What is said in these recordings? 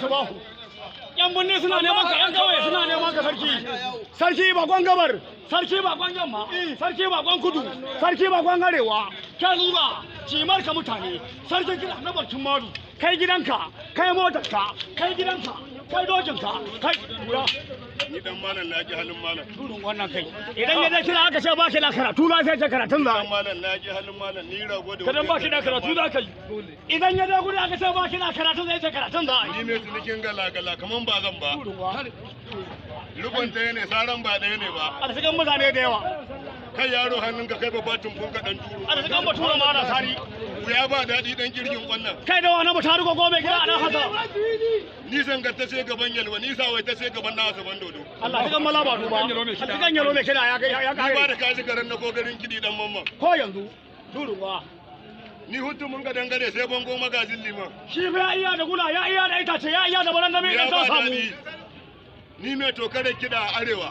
subahu yan birni suna neman ka yan kawai suna neman ka sarki sarki bakon gabar sarki bakon yamma sarki bakon kudu sarki bakon arewa kai lura cimar ka mutane sarki kira na bakin madu kai gidanka kai motarka kai gidanka kai dokinka kai lura idan malam na ji halin malam turun wannan kai idan ya dace aka ce ba shi da karatu na sai karatun za idan malam na ji halin malam ni rago da kadan ba shi da karatu za ka idan ya dace aka ce ba shi da karatu sai ce karatun za ni ne cinikin gala gala kaman ba zan ba rubun ta ne saran ba ɗaya ne ba a cikin mutane da yawa kai yaro ka kai babba tumfun ka dan turu arzikin bature ma ana sari ya ba daɗi dan girgin wannan kai da wani mutari ko mai gida ana hasa ni san ga ta sai gaban yalwa ni wai ta sai gaban na ban dodo Allah ta mala ba duba arzikin yalo mai kida ya ya kai ba da kashi garan na kogarin kidi dan mamman ko yanzu turuwa ni hutu mun ga dangare sai bango magazin liman shi fa ya iya da gula ya iya da itace ya iya da barandami dan ta samu ni me to kare kida arewa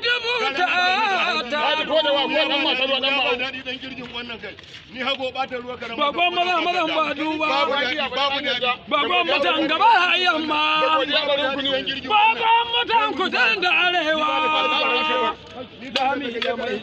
ki da wa ko dan ma dan dadi dan girgin wannan kai ni hago bata ruwa garan ba ko maza maza ba duba babu dadi babu dadi ba mata an gaba ayyan ba mata an kudan da arewa lami ya mai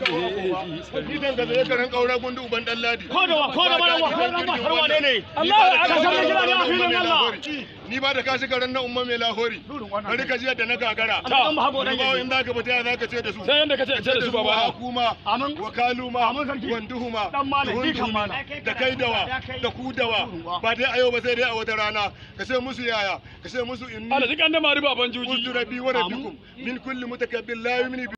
gidan da zai karan kaura gundu uban dan ladi ko da ko da marawa ko da marawa ne ne Allah aka sanar da ni a filin Allah ni ba da kashi garan na umma mai lahori bari ka jiya da na gagara an ba habo dan yayi in zaka fita zaka ce da su sai yanda kace ce da su baba hakuma amin wakaluma wanduhuma dan malami kan mana da kai dawa da ku dawa ba dai ayo ba sai dai a wata rana ka ce musu yaya ka ce musu inni ala zikan da mari baban juji uzurabi wa rabbikum min kulli mutakabbir la yu'minu